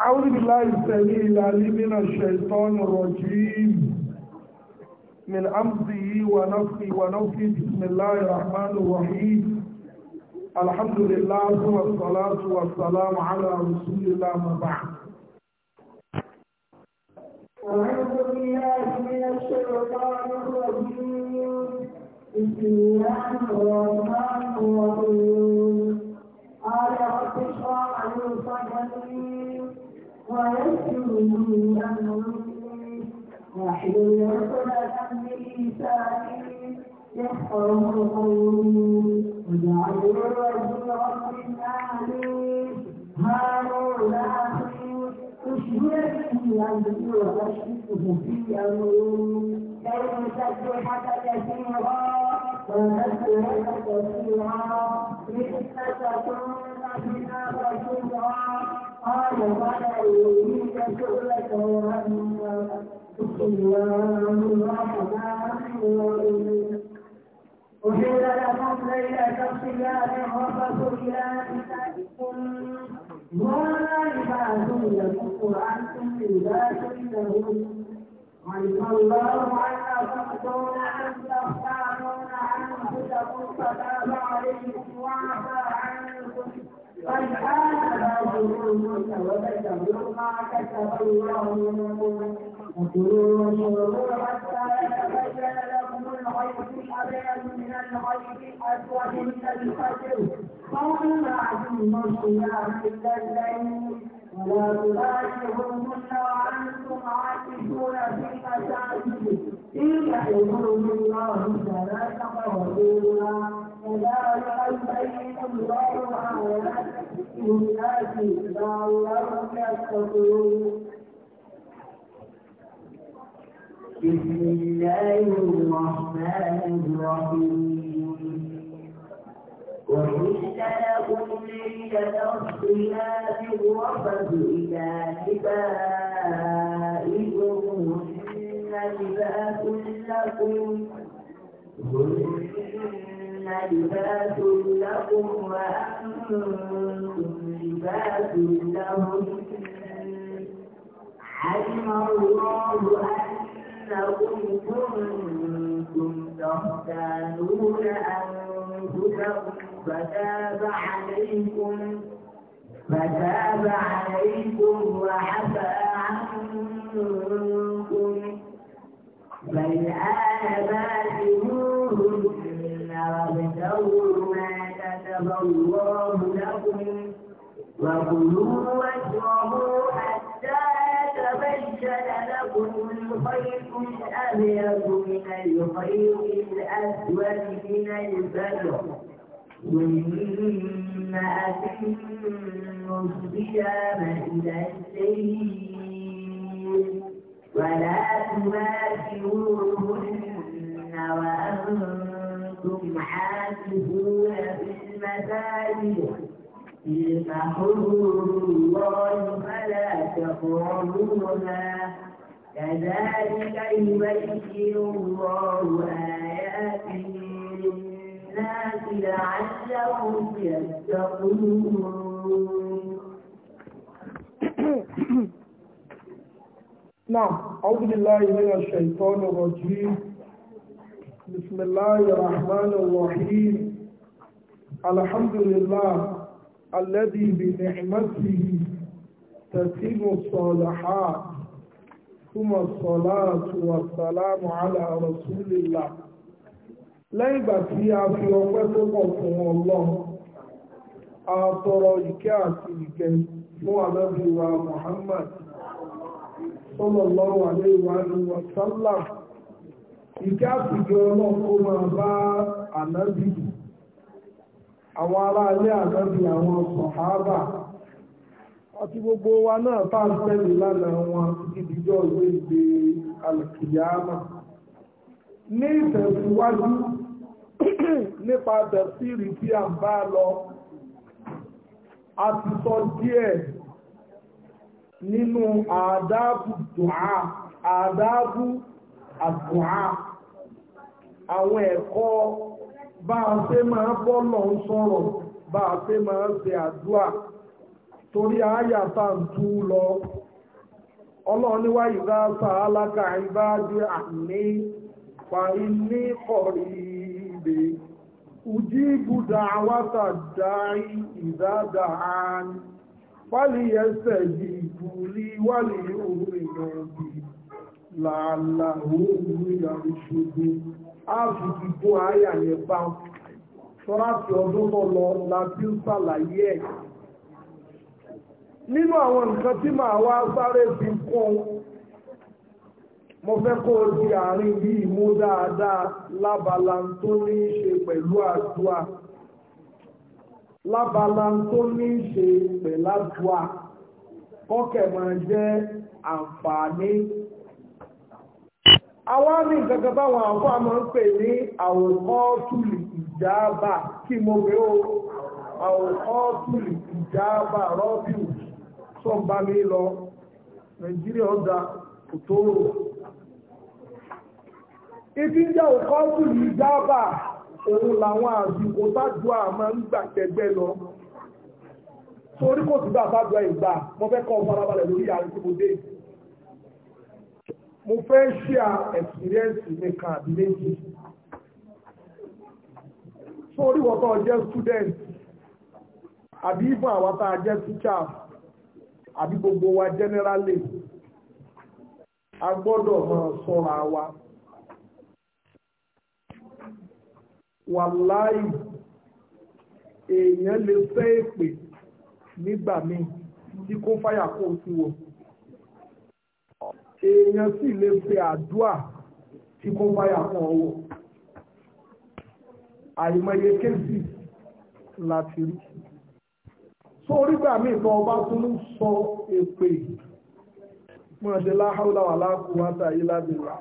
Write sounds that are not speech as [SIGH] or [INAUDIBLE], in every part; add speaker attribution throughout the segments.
Speaker 1: أعوذ بالله السميع العليم من الشيطان الرجيم من أمضه ونفخه ونفخه بسم الله الرحمن الرحيم الحمد لله والصلاة والسلام على رسول الله وبعد
Speaker 2: أعوذ بالله من الشيطان الرجيم بسم الله الرحمن الرحيم ويسره أمره واحلل عقدة من لساني يفقه قولي واجعل وزيرا من أهلي هارون أخي أشهد به أمري وأشركه في أمري كي نسبحك كثيرا ونذكرك كثيرا لإنك كنت بنا بصيرا قال فلا يريد شعبة بسم الله الرحمن الرحيم أحل لكم ليلة الصيام الرفث إلى نسائكم ولا لباس لكم وأنتم لباس لهم علم الله أنكم دون أن تختارون أنفسكم فتاب عليكم وعفى عنكم قد آتى ذنوبك وكتبوا ما كتبوا لهم وكلوا واشربوا حتى يتبين لكم الخيط الأبيض من الخيط الأسود من الفجر قوم بعد الصيام إلا الليل ولا تباشرهن وأنتم عاكفون في مساجدهم قيل يقولون الله ثلاث قولونا كذلك يبين الله آياته للناس لعلهم يتقون بسم الله الرحمن الرحيم لكم ليلة الاختلاف الرفض إلى نسائكم هن
Speaker 3: لباس
Speaker 2: لباس لكم وأنتم لباس لهم علم الله أنكم كنتم تختانون أنفسكم فتاب عليكم فتاب عليكم وعفى عنكم فالآن باشروهن وابتغوا ما كتب الله لكم
Speaker 3: وكلوا
Speaker 2: واشربوا حتى يتبين لكم الخيط الأبيض من الخيط الأسود من الفجر ثم أتموا الصيام إلى السير ولا تباشروهن وأنتم عاكفون في المساجد تلك حدود الله فلا تقربوها كذلك يبين الله آياته للناس لعلهم نعم أعوذ بالله من
Speaker 1: الشيطان الرجيم بسم الله الرحمن الرحيم الحمد لله الذي بنعمته تتم الصالحات ثم الصلاة والسلام على رسول الله lẹ́yìn ìgbà tí a fi ọpẹ́ tó pọ̀ fún ọlọ́run a tọrọ ìkẹ́ àti ìkẹ́ fún ànábì Muhammad sallallahu alaihi wa sallam ìkẹ́ àti ìkẹ́ ọlọ́run máa bá ànábì àwọn ará ànábì àwọn sọ̀hábà àti gbogbo wa náà tá lánàá wọn ìdíjọ́ ìwé ìgbé [CLEARS THROAT] nípa tẹ̀síìrì tí a bá lọ a ti sọ díẹ̀ nínú àdábù dùá àdábù àdùá àwọn ẹ̀kọ́ bá a ṣe máa bọ́lọ̀ ń sọ̀rọ̀ bá a ṣe máa ṣe àdúà torí àyàtà ń tú lọ ọlọ́ọ̀níwá ìdá sàálákà ìbá dí àmì pa iní kọ̀rí pé ujibu da'wata da'i idha da'an fali yastajibu li wali yu'minu bi la'allahum yarshudun a fi dìbò àyà yẹn bá sọ́ra ti ọdún tó lọ láti ń ṣàlàyé ẹ̀ nínú àwọn nǹkan tí màá wá sáré fi kún mo fẹ́ kó o di àárín bí ìmú dáadáa lábala tó ní í ṣe pẹ̀lú àdúrà lábala tó ní í ṣe pẹ̀láàdúrà kọ́kẹ̀ máa jẹ́ àǹfààní. àwa ní ìkankan báwọn àǹfààní máa ń pè ní àwòkọ́tùlì ìjábà kí mo rè o àwòkọ́tùlì ìjábà rọ́bìù tó ń bá mi lọ nàìjíríà ọ̀dà kòtòrò. ibi ń jẹ́ òkọ́ bùlù ìjábà òun làwọn àsìkò tájú máa ń gbà tẹgbẹ́ lọ torí kò sí bá jọ ìgbà mo fẹ́ kọ́ farabalẹ̀ lórí yàrá tí mo dé mo fẹ́ ṣe à ẹ̀sìrẹ́ǹsì mi kan àbí méjì torí wọ́n tó jẹ́ student àbí ìfún àwọn tá a jẹ́ teacher àbí gbogbo wa generally a gbọ́dọ̀ máa sọ́ra wa. wàláì èèyàn lè fẹ́ èpè nígbà míì tí kó fáyà kó o ti wò èèyàn sì lè fẹ́ àdúà tí kó fáyà kó o wò àìmọye kéèsì láti rí tó orígbà míì tó ọba tún ń sọ èpè mọ̀ ṣe láháúláwà láàkúwátà yìí lábẹ́lá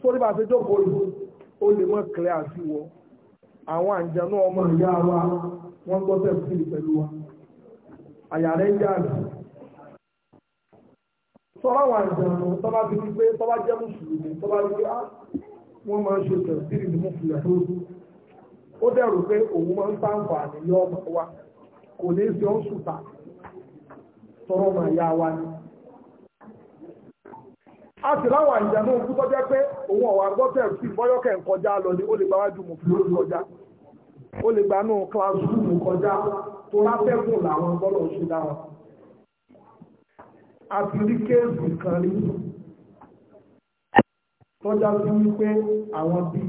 Speaker 1: tó orígbà tó jókòó ìlú ó lè mọ́ kílẹ̀ àti wọ àwọn àǹjẹ̀nú ọmọ ìyá wa wọ́n gbọ́ tẹ̀síìlì pẹ̀lú wa àyà rẹ̀ ń yára sọ́ra àwọn àǹjẹ̀nú tọ́ba ti di pé tọ́ba jẹ́ mùsùlùmí tọ́ba ti di ah, wọ́n máa ń ṣe tẹ̀síìlì ní mùsùlùmí tó ó dẹ̀rù pé òun máa ń sáǹfà àníyàn ọmọ wa kò ní í ṣe ọ́n ìyá a sì láwọn àìjà náà kú tọ́jẹ́ pé òun ọ̀wà gbọ́tẹ̀ sí bọ́yọ́kẹ̀ ń kọjá lọ ní ó lè gba wájú mú fún kọjá ó lè gba náà kílásùmù kọjá tó ráfẹ́kùn làwọn bọ́lọ̀ ṣe dára a ti rí kéèsì kan rí tọ́já sí wípé àwọn bíi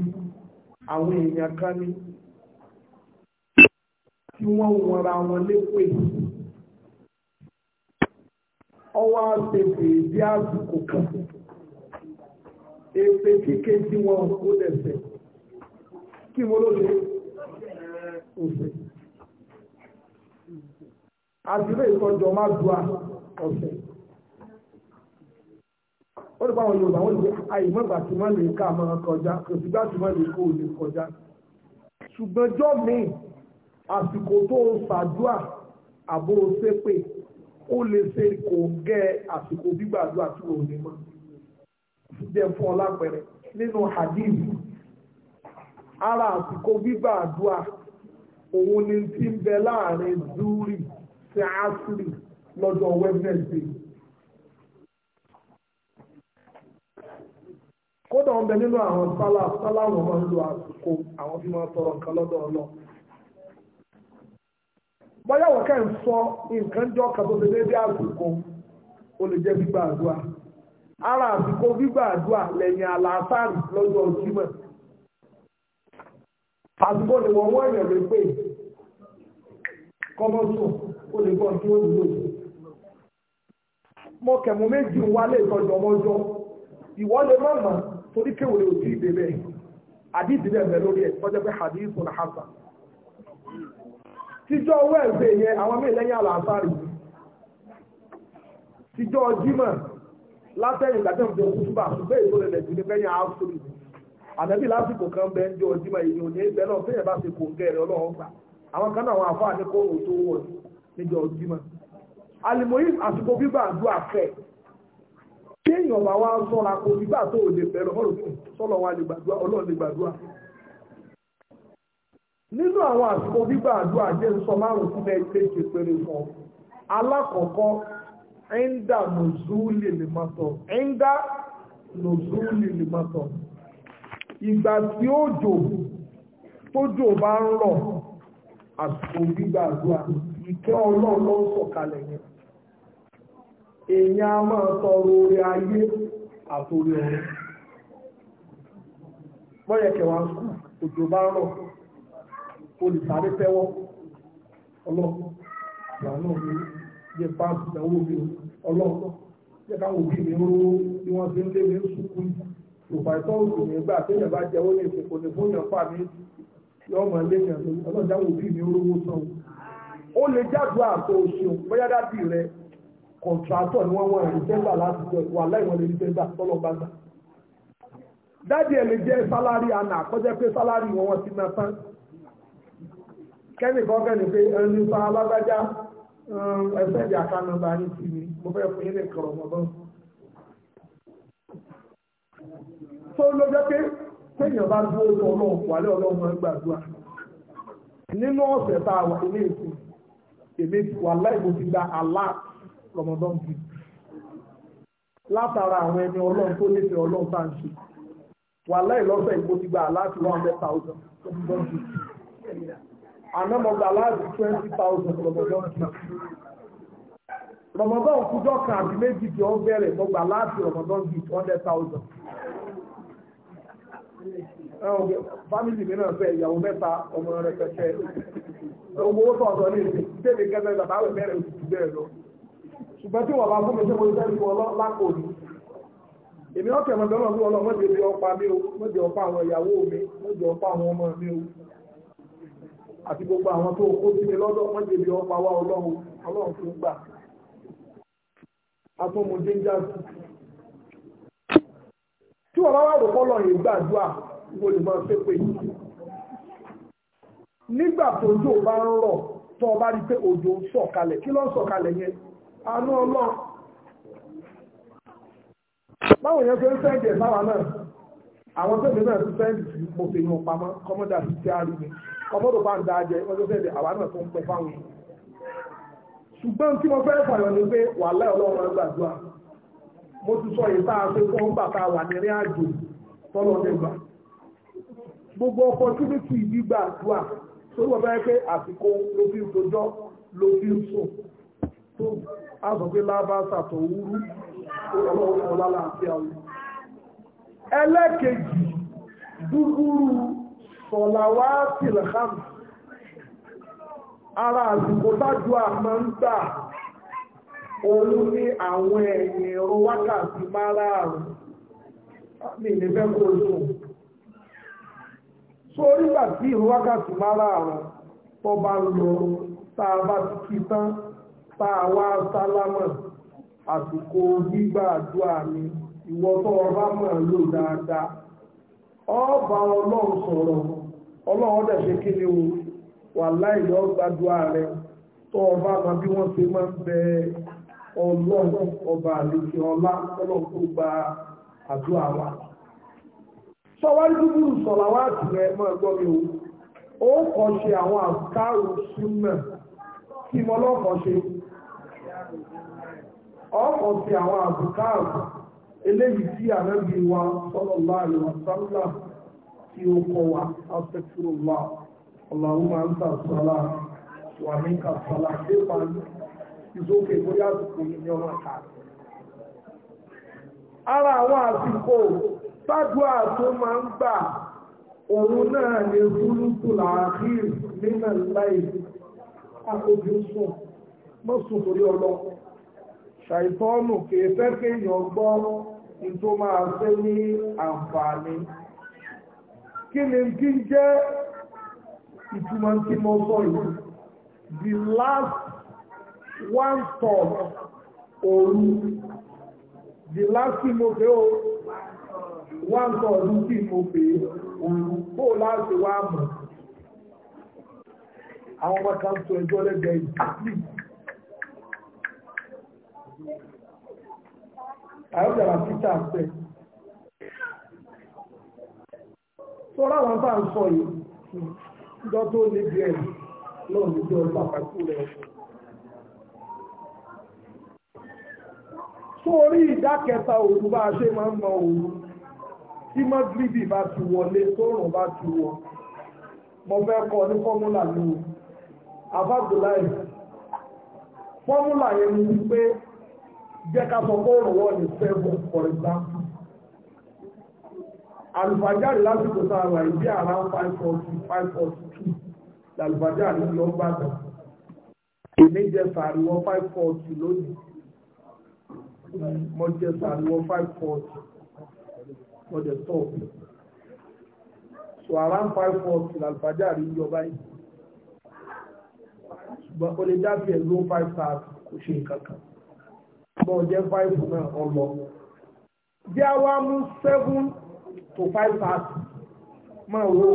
Speaker 1: àwọn èèyàn kan ní tí wọ́n wọra wọn lépè ọwọ́ àtẹ̀fẹ̀ ìdí àsìkò kan èpè kíké tí wọn ó lẹ́sẹ̀ kí mo ló ṣe òfin àtìlé ìtọ́jọ máa dùá ọ̀sẹ̀ ó ní báwọn Yorùbá wọn lè àìmọ́gbà tí wọ́n lè ká máa kọjá kò sígbà tí wọ́n lè kó o lè kọjá ṣùgbọ́n jọ́ mi àsìkò tó o ṣàdúà àbó o ṣépè ó lè ṣe kò gẹ́ àsìkò gbígbàdúà tí o ní mọ́. jẹ́ fún nínú hadith ara àsìkò gbígbà àdúrà òun ni ti ń bẹ láàrin zuri sí asiri lọ́jọ́ wednesday kódà ń bẹ nínú àwọn sálà sálà wọn máa ń lo àsìkò àwọn tí máa tọrọ nǹkan lọ́dọ̀ ọlọ bóyá wọ́n kẹ́ ń sọ nǹkan jọ́ kan tó ṣe àsìkò ó lè jẹ́ gbígbà àdúrà ara àsìkò gbígbàdúà lẹ́yìn àlàáfàárì lọ́jọ́ jímọ̀ àsìkò ni wọ́n wọ́n èèyàn lè ó lè gbọ́n tí ó wúlò mo kẹ̀mú méjì wálé ìtọ́jú ọmọjọ́ lè torí kéwòrè òtí ìdè bẹ́ẹ̀ àdídì bẹ́ẹ̀ lórí ẹ̀ tọ́jọ́ pé hadith na tíjọ́ ẹ̀gbẹ́ yẹn àwọn mí látẹ̀yìn ìgbàjọ́ ìjọ kútúbà ṣùgbẹ́ ìtòlẹ̀ lẹ̀jù ní pẹ́yìn áfírí ànẹ́bí lásìkò kan bẹ jọ ọjímọ̀ èyí ò ní náà bá ṣe kò gẹ̀rẹ̀ ọlọ́run gbà àwọn kan náà wọ̀ níjọ ọjímọ̀ àsìkò bíbà ń àfẹ́ bá wá sọ́ra kó bíbà tó lè bẹ̀rẹ̀ ọlọ́run ẹ̀ńdà nùzúlì lèmọ́tọ̀ ẹ̀ńdà nùzúlì lèmọ́tọ̀ ìgbà tí òjò tójò bá ń rọ̀ àsìkò gbígbàdúrà ìkẹ́ ọlọ́run ló ń sọ̀kalẹ̀ yẹn èèyàn a máa tọrọ orí ayé àtòrí ọ̀rọ̀ mọ́yẹ̀kẹ̀wà skul òjò bá ń tẹ́wọ́ ọlọ́run jẹ́ páàpù ìdánwò mi ọlọ́run jẹ́ káwọn òbí mi ró bí wọ́n ti ń lé mi sùkú ìfàìtọ́ òkú mi gbà téèyàn bá jẹ́ ó ní ìfòkò ní fún yàn fà mí yọ ọmọ léèyàn lórí ọlọ́run jáwọ́ òbí mi rówó san ó lè jáde àtọ òṣèlú bóyá dábì rẹ kọ̀ǹtrátọ̀ ni wọ́n wọ́n rìn dẹ́gbà láti jọ ìwà láìwọ̀n lè rí dẹ́gbà tọ́lọ́ bá gbà dáàdì ẹ̀ lè jẹ́ sálárì àná àkọ́jẹ́ pé sálárì wọn wọn ti máa tán kẹ́nìkan kẹ́nì pé ẹni sọ alágbájá ẹsẹ̀ ìdí àká nọ́mbà ní ti mi mo fẹ́ fún yín lè kọ̀rọ̀ mọ́ bọ́. tó ló jẹ́ pé téèyàn bá dúró tó ọlọ́run wà lé ọlọ́run máa ń gbàdúrà nínú ọ̀sẹ̀ tá a wà ilé ìsìn èmi wà láì mo ti gba àlá rọmọdọ́n bì látara àwọn ẹni ọlọ́run tó nífẹ̀ẹ́ ọlọ́run tá à ń ṣe wà láì lọ́sẹ̀ ìgbó ti gba àlá àti one hundred thousand rọmọdọ́n bì àná mo gbà láàbì twenty thousand rọmọdọ́ kì í rọmọdọ́ kújọ́ kan àbí méjì tí ó bẹ̀rẹ̀ mo gbà láàbì rọmọdọ́ kì í one hundred a fámìlì mi náà fẹ́ ìyàwó mẹ́ta ọmọ rẹ̀ pẹ̀pẹ́ owó sọ̀tọ̀ ní ìsìn tẹ́lẹ̀ gẹ́gẹ́ bàbá rẹ̀ bẹ̀rẹ̀ òtútù bẹ́ẹ̀ lọ ṣùgbọ́n tí wọ́n bá fún mi ṣe mo fẹ́ fún ọlọ́ lápò ní èmi ọ̀kẹ́ mọ̀tọ́ náà fún ọlọ́ mọ́jẹ́ ọ̀pá mi o mọ́jẹ́ ọ̀pá àwọn ìyàwó mi mọ́jẹ́ ọ̀pá àwọn ọmọ mi o àti gbogbo àwọn tó kó sí mi lọ́dọ̀ wọ́n jẹ̀bi ọpa wa ọlọ́run ọlọ́run tó gbà atọ́mu jíjá sí. tí wọ́n bá wà rò pọ́lọ̀ yìí gbàdúrà wo lè máa ṣépè nígbà tó jò bá ń rọ̀ tó ọba rí pé òjò ń sọ̀kalẹ̀ kí ló ń sọ̀kalẹ̀ yẹn àánú ọlọ́run báwo yẹn fẹ́ sẹ́ǹdì ẹ̀ sáwa náà àwọn tẹ́lẹ̀ náà ti sẹ́ǹdì sí mo fi yan pamọ́ kọ́mọ́dà sí ti á rí mi ọmọdé bá ń da jẹ wọ́n tó fẹ́ẹ̀dẹ̀ àwa náà tó ń pẹ fáwọn èèyàn ṣùgbọ́n tí mo fẹ́ fàyọ̀ ni pé wà láì ọlọ́run máa gbàdúrà mo ti sọ yìí táa pé fún bàtà wà ní rí àjò tọ́lọ́ nígbà gbogbo opportunity gbígbà àdúrà tó wọ́n fẹ́ pé àsìkò ló fi ń sojọ́ ló fi ń sùn tó a sọ pé lábàṣà tó wúrú ọlọ́run ọlá láàfíà ẹlẹ́kejì dúdúrú sọ̀làwá tìlẹ̀hàm ara àsìkò tájú àmọ́ ń gbà olú ní àwọn ẹ̀yìn ẹ̀rọ wákàtí márààrún mi ní fẹ́ kó lóun sórí gbà tí ìrún wákàtí márààrún tó bá lọ tá a bá ti kí tán tá a wá sálámà àsìkò gbígbà àdúrà mi ìwọ ọba mọ̀ lò dáadáa ọba ọlọ́run sọ̀rọ̀ ọlọ́run dẹ̀ ṣe kí ni o wà láìlọ́ gbàdúrà rẹ tó ọba àmà bí wọ́n ṣe máa ń bẹ ọlọ́run ọba àlejò ọlá ọlọ́run gba àdúrà wa. sọwárí dúdú sọ̀lá wá tìrẹ̀ máa gbọ́ mi o ó kọ́ ṣe àwọn àkárò súnmọ̀ tí mo lọ́kọ̀ ṣe ọkọ̀ sí àwọn àbùkárò eléyìí tí ànábì wa sọ́lọ́lá àlè tí ó kọ́ wa afẹ́fúrúlá ọ̀làwùmá ń tà sọ́lá wà ní kàfàlà pépà ìsókè bóyá àsìkò ní ní ọmọ ká. ara àwọn àsìkò sádùá tó máa ń gbà òun náà ní nínà láì àkójú sùn mọ́sùn torí ọlọ. ṣàìtọ́nù kéèyàn gbọ́ ní tó máa fẹ́ ní àǹfààní the last one stop òru the last tí mo fẹ́ o one stop òru tí mo fẹ́ òru kó láti wá mọ̀ àwọn ọmọ kan tó ẹjọ́ lẹ́gbẹ̀ẹ́ yìí
Speaker 3: àwọn ìjọba títà
Speaker 1: pẹ̀lú tọ́ra wọn bá ń sọ yìí ìjọ tó lè bí ẹ̀ náà ní jọ pàtàkì rẹ̀ sórí ìdá kẹta òru bá a ṣe máa ń mọ òru tí mọ́gìrìbì bá ti wọlé tóòrùn bá ti wọ mo fẹ́ kọ ní fọ́múlà ní o àbábùlá ẹ̀ fọ́múlà yẹn ni wípé jẹ́ ká sọ pé òrùn ní seven for àlùfàjáde lásìkò sáàrà ìdí àrá 540-542 làlùfàjáde lọ gbàgbà èmi jẹ sàríwọ 540 lónìí mo jẹ sàríwọ 540 for the top. so àrá 540 làlùfàjáde yọ báyìí ṣùgbọ́n o lè dábì ẹ̀ ló 530 kò ṣe nǹkan kan bọ́ọ̀ jẹ́ 5 náà ọlọ́ jẹ́ àwa mú 7 to five past máa wo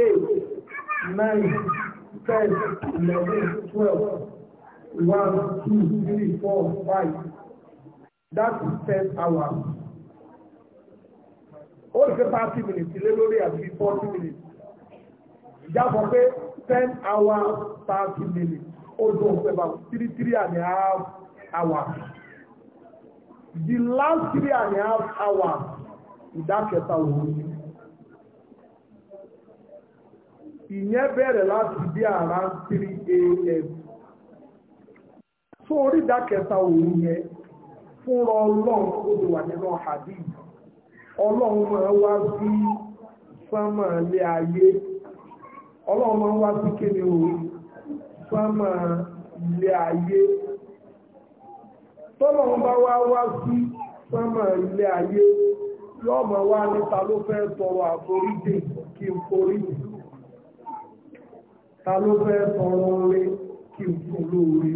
Speaker 1: eight nine ten eleven twelve one two three four five that is ten hours ó lè fẹ́ thirty minutes lé lórí àti forty minutes jábọ̀ pé ten hours thirty minutes ó dùn pé bá three three and a half hours the last three and a half hours. ìdá kẹta òun ni ìyẹn bẹ̀rẹ̀ láti bí ara 3 a.m. fún orí ìdá kẹta òun yẹn fúnra ọlọ́run ó ti wà nínú ọlọ́run bá wá sí sánmà ilé ayé yóò mọ̀ wá níta ló fẹ́ tọrọ àforíjì kí n forí ta ló fẹ́ tọrọ orí kí n folóore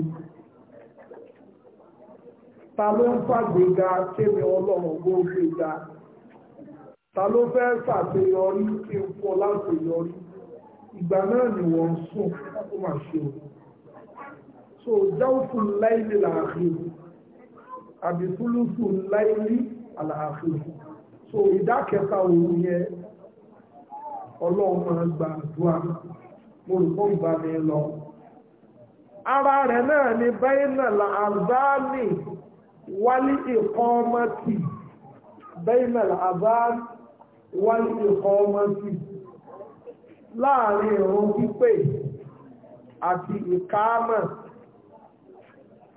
Speaker 1: ta ló ń fàgbéga kémi ọlọ́run gbóògbé ga ta ló fẹ́ ṣàṣeyọrí kí n fọ láṣeyọrí ìgbà náà ni wọ́n ń sùn ó mà ṣe o so jáwùfù láìlè làákìrì àbí fúlùfù láìlè àlàákìrì so ìdá kẹta òun yẹ ọlọ́run máa gba àdúrà mo rò fún ìgbà mi lọ ara rẹ̀ náà ni bẹ́ẹ̀nà làzáàlì wálé ìkọ́ ọmọ tì bẹ́ẹ̀nà làzáàlì wálé ìkọ́ ọmọ tì láàrin ìrun pípé àti ìkáámà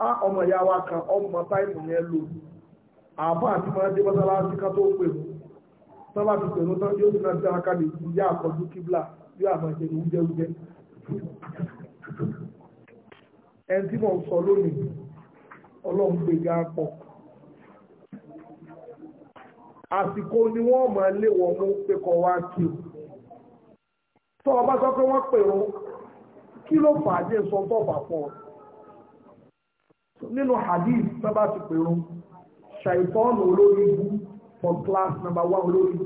Speaker 1: á ọmọ ìyá wa kan ọmọ táìmù yẹn lò àbá àti máa dé mọ́sálásí ká tó pèrú sábà ti pèrú tán yóò ti náà dá aká lè ti yá àkọjú kíblà yóò àmọ́ ìṣẹ̀lẹ̀ oúnjẹ oúnjẹ ẹni tí mo sọ lónìí ọlọ́run ga pọ̀ àsìkò ni wọ́n máa lé wọ́n mú pé kọ́ wá kí o tó o bá sọ pé wọ́n pèrú kí ló fà á jẹ́ sọ tó bà pọ̀ nínú hadith sábà ti pèrú ṣàìtọ́nù olórí ibú from class number one olórí ibú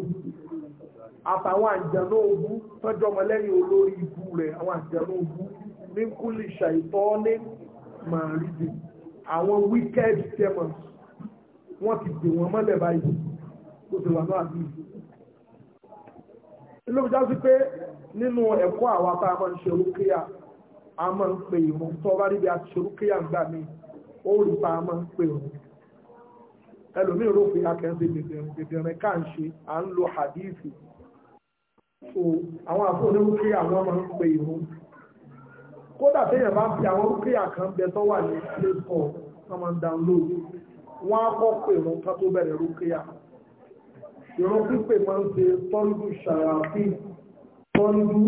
Speaker 1: àtàwọn àjẹ̀nú ogú tọ́jọ́ ọmọlẹ́yìn olórí ibú rẹ̀ àwọn àjẹ̀nú ogú ní kúlì ṣàìtọ́nù màrídì àwọn wicked demons wọ́n ti dè wọ́n mọ́lẹ̀ báyìí tó ti wà náà bí i ilé ìjọ sí pé nínú ẹ̀kọ́ àwa tá a máa ń ṣerúkíyà a máa ń pè ìrùn tó bá rí bí a ti ń gbà mí ó rí pa a máa ń pè ìrùn ẹlòmíì rò pé akẹ́sẹ̀ dèdèrìn ká ń ṣe à ń lo hadithi
Speaker 3: so àwọn àfọ onírúkí àwọn máa
Speaker 1: ń pe ìrún kódà téèyàn bá ń pe àwọn rúkí àkàn bẹ tó wà ní play store tó máa ń download wọn á kọ́ pé ìrún ká tó bẹ̀rẹ̀ rúkí à ìrún pípé máa ń ṣe tọ́lú ṣàyàfi tọ́lú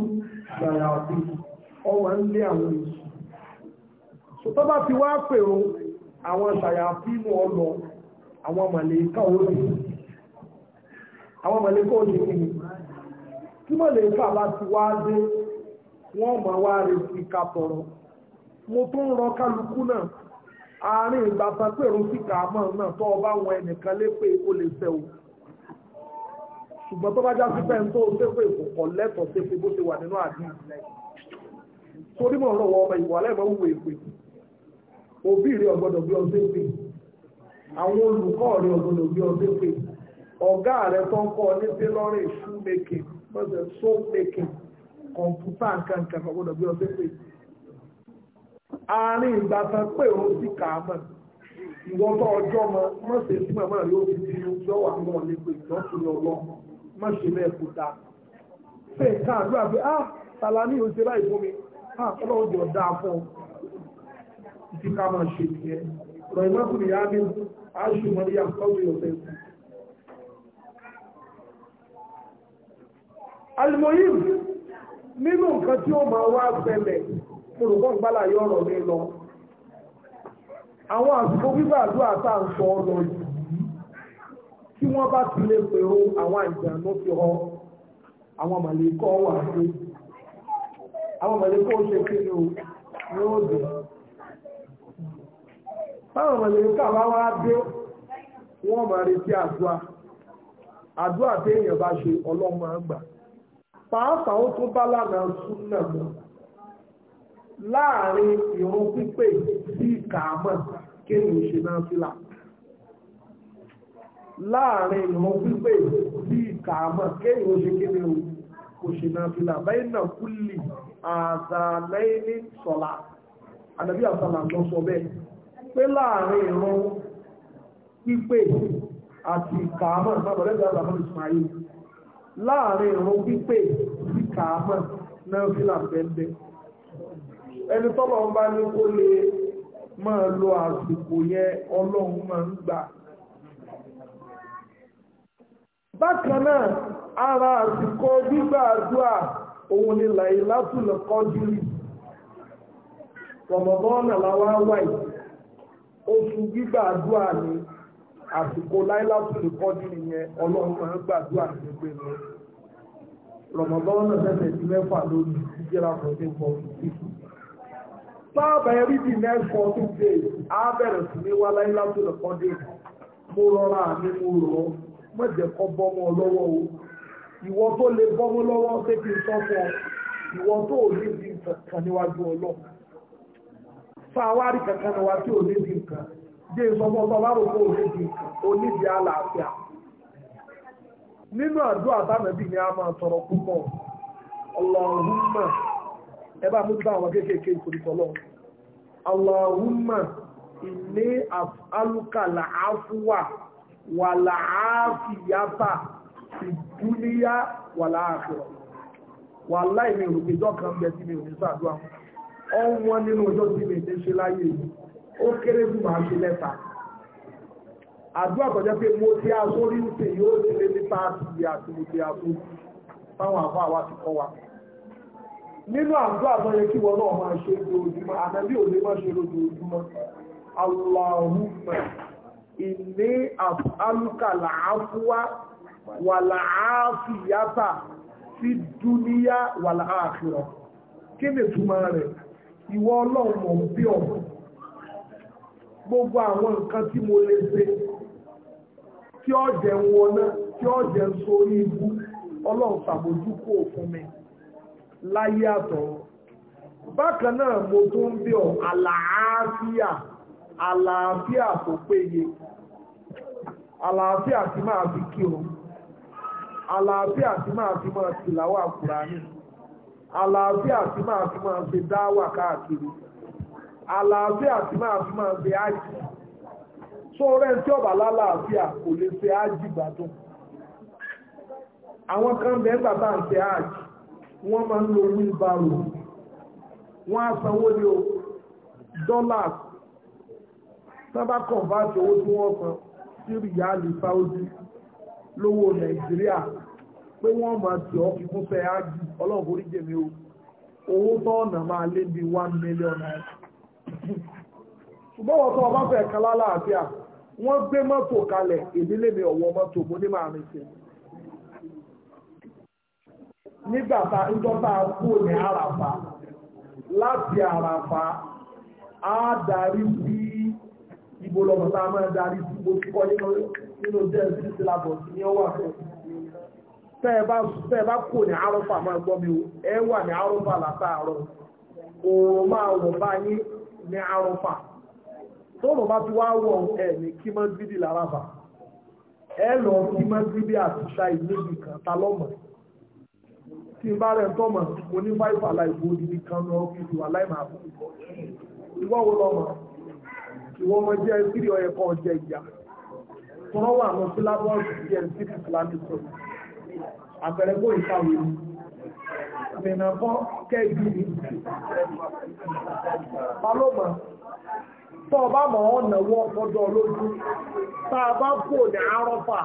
Speaker 1: ṣàyàfi ọwọ́ ń lé àwọn èsì tó bá ti wá pè ó àwọn ṣàyàfi nù ọ lọ àwọn màlẹ́kà orí àwọn màlẹ́kà orí ni tí màlẹ́kà bá ti wá dé wọ́n máa wá retí ká tọrọ mo tó ń rọ kálukú náà àárín ìgbà sápẹ̀rún síkà àmọ́ náà tó ọba wọn ẹnìkan lépè ó lè fẹ́ o ṣùgbọ́n tó bá já sí pẹ́ tó ṣépè ìkọ̀kọ̀ lẹ́tọ̀ọ́ ṣépè bó ṣe wà nínú àdín torí mọ̀ ọ̀rọ̀ wọ ọmọ ìwà lẹ́ẹ̀mọ́ wù èpè òbí rẹ̀ ọ̀gbọ́dọ̀ bí ọ ṣépè àwọn olùkọ́ rẹ̀ ọ̀gbọ̀dọ̀ bí ọdún pé ọ̀gá rẹ̀ tó ń kọ́ ní tailoring shoe lọ́sẹ̀ soap kọ̀ǹpútà nǹkan nǹkan bí ọdún pé àárín ìgbà kan pé di ọjọ́ wà ní pé ìtọ́sí ọlọ́ ṣe àdúrà pé ah tàlà ní òṣè láì fún ah ọlọ́run jọ ọ ìdí máa ṣe nìyẹn rọ̀ ìmọ̀kùnrin yá Aishu Maria, cover yourself. Almohim, nínú nǹkan tí ó máa wá ṣẹlẹ̀, mo rò kọ́ gbálà yọ ọ̀rọ̀ mi lọ. Àwọn àsìkò gbígbà àdúrà tá à ń sọ ọ̀rọ̀ yìí, tí wọ́n bá ti lè pèrò àwọn àìjànú ti họ, àwọn màlẹ́kọ́ wà sí. Àwọn màlẹ́kọ́ ṣe kí ni ó dùn báwọn mọ̀lẹ́ká bá wá dé wọ́n máa retí àdúrà àdúrà tí èèyàn bá ṣe ọlọ́run máa ń gbà pàápàá ó tó bá lánàá súnà mọ́ láàrin ìrun pípé sí ìkàámọ̀ kéèyàn ṣe náà fìlà láàrin ìrun pípé sí ìkàámọ̀ kéèyàn ṣe kéèyàn kò ṣe náà fìlà báyìí náà kúlì àzàlẹ́yìn sọ̀la àdàbí àsàlà lọ sọ bẹ́ẹ̀ pé láàrin ìrun pípé àti ìkàámọ̀ ìfàbọ̀lẹ́gbẹ̀ àbàmọ́ ìsmáyé láàrin ìrun pípé sí ìkàámọ̀ náà fílà pẹ́ẹ́bẹ́ ẹni tọ́lọ̀ ń bá ní kó lè máa lo àsìkò ọlọ́run máa ń gbà bákan náà ara àsìkò òun ni làyè làwọn wáyé oṣù gbígbàdúrà ni àsìkò láìláṣùlù kọ́dí nìyẹn ọlọ́run máa ń gbàdúrà ní pé lọ rọmọdún náà sẹ́sẹ̀ sí mẹ́fà lórí ìjẹ́ra fọ́dún fọ́ sáàbà ẹ̀rí di next fourteen days á bẹ̀rẹ̀ sí ní wá láìláṣùlù kọ́dí mo rọra àmì mo rọ ọ mọ̀jẹ̀ kọ́ bọ́mọ lọ́wọ́ o ìwọ tó lè bọ́mọ lọ́wọ́ ṣé kí n sọ fún ọ ìwọ tó ò ní di kàn níwájú ọlọ́run sáwárì kankan ni wa tí onye dị di dị jẹ́ ìsọmọ́ ọba bá onye dị ò di nǹkan ò ní di àlàáfíà ni a maa tọrọ púpọ̀ Allahumma ẹ bá mú àwọn kéékèèké ìkòrìkọ lọ Allahumma inni as'aluka làáfúwà wà làáfìyàtà fi dúníyà kan sí mi ò ní ọ ń wọ́n nínú ọjọ́ tí mi ti ṣe láyé ó kéré jù máa ṣe lẹ́ta àdúrà tọ́jọ́ pé mo ti asórí ń pè yóò ti lé ní páàkì àti mo ti asórí táwọn àbọ̀ àwa ti kọ́ wa nínú àdúrà tó yẹ kí wọn náà máa ṣe lójoojúmọ́ àtàbí òní máa ṣe lójoojúmọ́ Allahumma inni as'aluka al-'afwa wal-'afiyata fid-dunya wal-akhirah kí ni túmọ̀ rẹ̀ ìwọ ọlọ́run mọ̀ bí ọ̀ gbogbo àwọn nǹkan tí mo lè ṣe tí ó jẹ́ ń wọná tí ó jẹ́ ń sórí ibú ọlọ́run ṣàbójúkò fún mi láyé àtọ̀run bákan náà mo tún ń bí ọ̀ àlàáfíà àlàáfíà tó péye àlàáfíà tí máa fi kírun àlàáfíà tí máa fi máa tìláwà Kùránì àlàáfíà tí máa fi máa ṣe dáwà káàkiri àlàáfíà tí máa fi máa ṣe ájì tó rẹ̀ tí ọ̀bà lálàáfíà kò lè ṣe ájì gbádùn àwọn kan bẹ́ẹ̀ bàbá ń ṣe ájì wọ́n máa ń lo wheelbarrow wọ́n á sanwó ní o dollars sábà convert owó tí wọ́n san sí rìyálì Saudi lówó Nàìjíríà pé wọ́n máa tì ọ́ fi fúnfẹ́ ágì ọlọ́run forí jèmi o owó tọ́ọ̀nà máa lé bí one million naira ṣùgbọ́n wọ́n tó ọba fẹ́ kan lálàáfíà wọ́n gbé mọ́tò kalẹ̀ èmi lèmi ọ̀wọ́ mọ́tò mo ní máa rìn sí i nígbà tá ń dọ́ta kú ní àràfà láti àràfà á darí sí ibo lọ́mọ a máa darí sí ibo kíkọ́ nínú jẹ́ sí sílábọ̀ ní ọwọ́ àfẹ́sí tẹ́ ẹ bá kò ní arọ́fà máa gbọ́ mi o ẹ wà ní arọ́fà látàárọ̀ òòrùn máa wọ̀ bá yín ní arọ́fà tóòrùn bá ti wá wọ̀ ẹ̀ ní kí mọ́ gidi láràbà ẹ lọ kí mọ́ gidi àtúnṣà ìlébi kan ta lọ́mọ̀ tí n bá rẹ̀ tọ́mọ̀ mo ní wáìfà láìpẹ́ odidi kan lọ fi ìlú aláìmọ̀ àbúrò ìwọ́ wo lọ́mọ̀ ìwọ́ ọmọ jẹ́ sírí ọyẹ kan jẹ ìyá tọ́rọ wà lọ àpẹẹrẹgbò ìkàwé mìnàkọ́ kẹ́gbì ní palọ́mà tọ́ bá mọ̀ ọ́n nàwọ́ ọ̀dọ́ lójú tá a bá kò ní àárọ́fà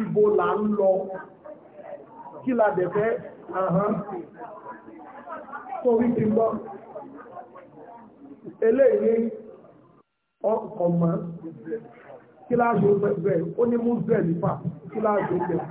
Speaker 1: ibo là ń lọ kí la dẹ̀ fẹ́ àhán torí ti gbọ́ eléyìí ọkọ̀ mọ́ kíláàsì ó bẹ̀rẹ̀ ó ní mú bẹ̀rẹ̀ nípa kíláàsì ó bẹ̀rẹ̀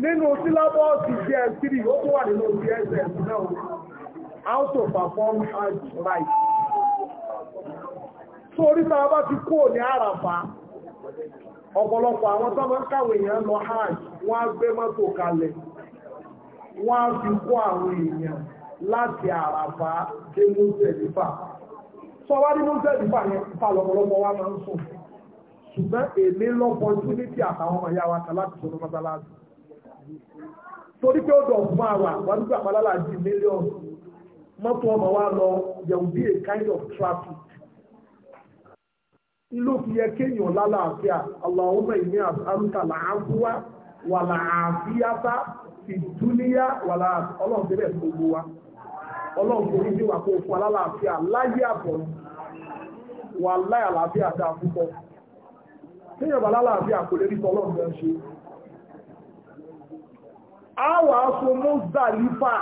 Speaker 1: nínú sílábọ́ọ̀sì gs3 ó tó wà nínú gss náà how to perform hajj right so oríta bá ti kó ní àràfà ọ̀pọ̀lọpọ̀ àwọn sábà ń káwé hajj wọ́n á gbé mọ́tò kalẹ̀ wọ́n á fi kó àwọn èèyàn láti àràfà dé sọ wá yẹn lọ́pọ̀lọpọ̀ wa máa ń sùn ṣùgbọ́n èmi lọ́pọ̀ tí àtàwọn ọmọ ìyá wa torí pé ó fún àwà wà nígbà pàlálà di mílíọ̀nù mọ́tò ọmọ wa lọ there will be a kind of traffic ló fi yẹ kéèyàn lálàáfíà aláwọ̀mọ̀ ìní àrùkà làáfíà wà ìdúníyà wà ọlọ́run tẹ́lẹ̀ gbogbo wa ọlọ́run kò ní bí wà kó fún alálàáfíà láyé àbọ̀rún wà láyé àlàáfíà dáa púpọ̀ kéèyàn bá lálàáfíà kò lè rí tọ́lọ́run àwọ̀ aṣọ Muzdalifa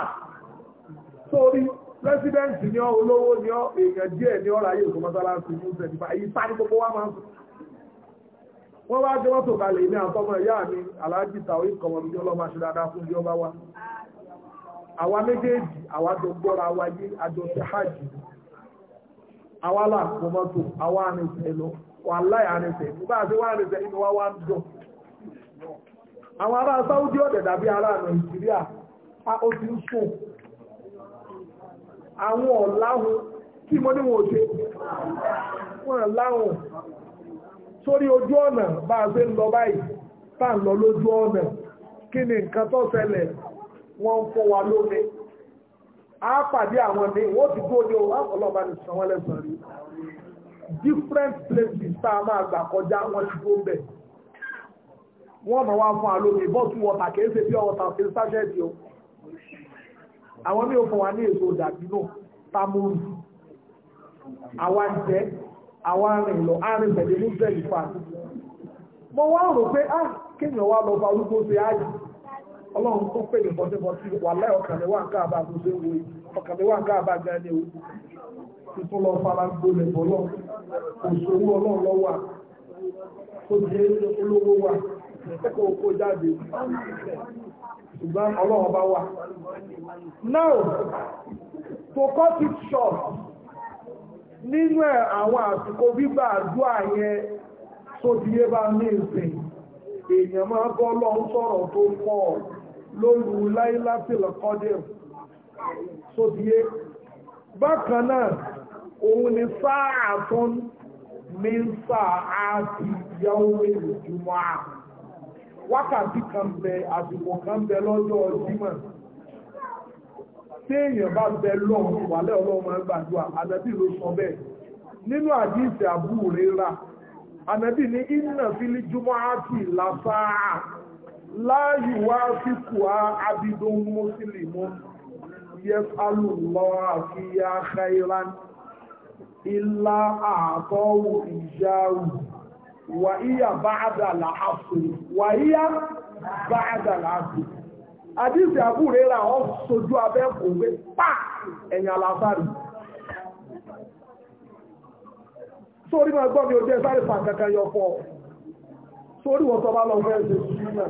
Speaker 1: sórí pẹ́sidẹ́ǹtì ni ọ́ olówó ni ọ́ èèyàn díẹ̀ ni ọ́ ráyè òkú mọ́sálásí Muzdalifa ní gbogbo wa máa ń wọ́n wá jẹ́ wọ́n tó kalẹ̀ ní àtọ́mọ̀ ìyá mi aláàjì tàwí ṣe dáadáa fún ìjọ bá wá àwa méjèèjì àwa gbọ́ra wa yé àjọ hajj àwa àwa lọ wà láì àwọn ará Saudi ọ̀dẹ̀ dàbí ará Nàìjíríà ó ti ń sùn àwọn ọ̀láhun kí mo ní wọn wọ́n láhùn sórí ojú ọ̀nà bá a ṣe ń lọ báyìí bá ń lọ lójú ọ̀nà kí ni nǹkan tó ṣẹlẹ̀ wọ́n ń fún wa lómi a pàdé àwọn ní wọ́n ti kó ní owó ọlọ́ba ní sanwó-ẹlẹ́sàn rí different places tá a máa gbà kọjá wọ́n ti kó bẹ́ẹ̀. wọ́n mọ̀ wá fún àlómi bọ́ọ̀tù wọ́ta kìí ṣe bí ọ̀wọ́ta fi sájẹ́ẹ̀tì o àwọn mí fún wa ní èso dàbí náà tamuru àwa jẹ́ àwa rìn lọ àárín pẹ̀lú ní pé á ah, kéèyàn wá lọ bá ṣe áyì ọlọ́run tó pè ní wà láì ọkàn mi wà ń káàbà tó ṣe ń wo ọkàn mi wà ń kó kó jáde
Speaker 3: ṣùgbọ́n ọlọ́run bá wà. now
Speaker 1: to cut it short nínú ẹ̀ àwọn àsìkò gbígbà àdúrà yẹn tó ti yé bá ní ìsìn èèyàn máa bọ́ lọ́hún sọ̀rọ̀ tó pọ̀ lóru láíláfìlà kọ́dẹ̀ tó ti yé bákan náà òun ni sáà tún ní sáà á ti yáwó ìjùmọ̀ àmì wákàtí kan bẹ àsìkò kan bẹ lọ́jọ́ Jímọ̀ tí èèyàn bá bẹ lọ́hùn wàlẹ́ ọlọ́run máa ń gbàdúrà àdàbí ló sọ bẹ́ẹ̀ nínú àdíìsì àbúrè rà ànàbí ní iná fílí jùmọ́ àti làfáà láàyè wá fíkù á abidun mùsùlùmù yẹf alùlọ àfihàn khairan ilá àtọ́wò ìjáwò wàhíyà báadà làásù wàhíyà báadà làásù àdíṣì àbúrò rà ọ́ sojú abẹ́ òwe pà ẹ̀yìn àlàáfàrí sórí máa gbọ́ mi ò jẹ́ sáré pàtàkì yọ fọ́ sórí wọ́n tọ́bá lọ fẹ́ ṣe sí náà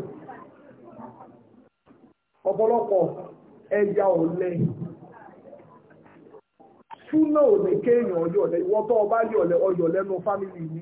Speaker 1: ọ̀pọ̀lọpọ̀ súnà òní kéèyàn ìwọ́tọ́ ọba lẹ́nu fámìlì yìí